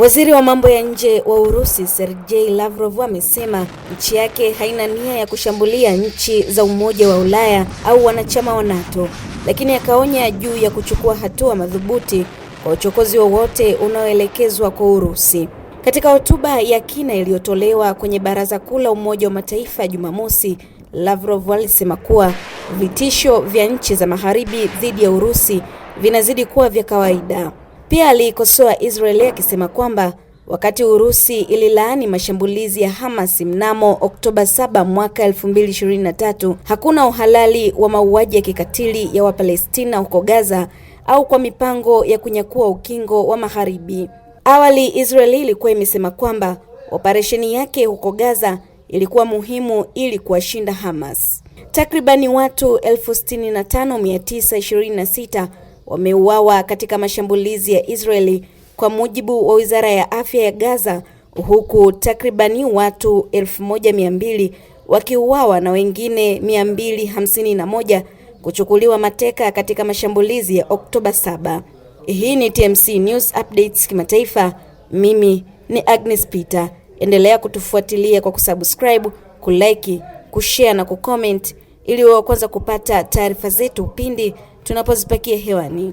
Waziri wa mambo ya nje wa Urusi Sergei Lavrov amesema nchi yake haina nia ya kushambulia nchi za Umoja wa Ulaya au wanachama wa NATO, lakini akaonya juu ya kuchukua hatua madhubuti kwa uchokozi wowote unaoelekezwa kwa Urusi. Katika hotuba ya kina iliyotolewa kwenye Baraza Kuu la Umoja wa Mataifa Jumamosi, Lavrov alisema kuwa vitisho vya nchi za Magharibi dhidi ya Urusi vinazidi kuwa vya kawaida. Pia aliikosoa Israeli akisema kwamba wakati Urusi ililaani mashambulizi ya Hamas mnamo Oktoba 7 mwaka 2023, hakuna uhalali wa mauaji ya kikatili ya Wapalestina huko Gaza au kwa mipango ya kunyakua ukingo wa Magharibi. Awali Israeli ilikuwa imesema kwamba operesheni yake huko Gaza ilikuwa muhimu ili kuwashinda Hamas. Takribani watu 65926 wameuawa katika mashambulizi ya Israeli kwa mujibu wa Wizara ya Afya ya Gaza, huku takribani watu 1200 wakiuawa na wengine 251 kuchukuliwa mateka katika mashambulizi ya Oktoba 7. Hii ni TMC News Updates kimataifa. Mimi ni Agnes Peter. Endelea kutufuatilia kwa kusubscribe, kulike, kushare na kucomment ili uwe wa kwanza kupata taarifa zetu pindi tunapozipakia hewani.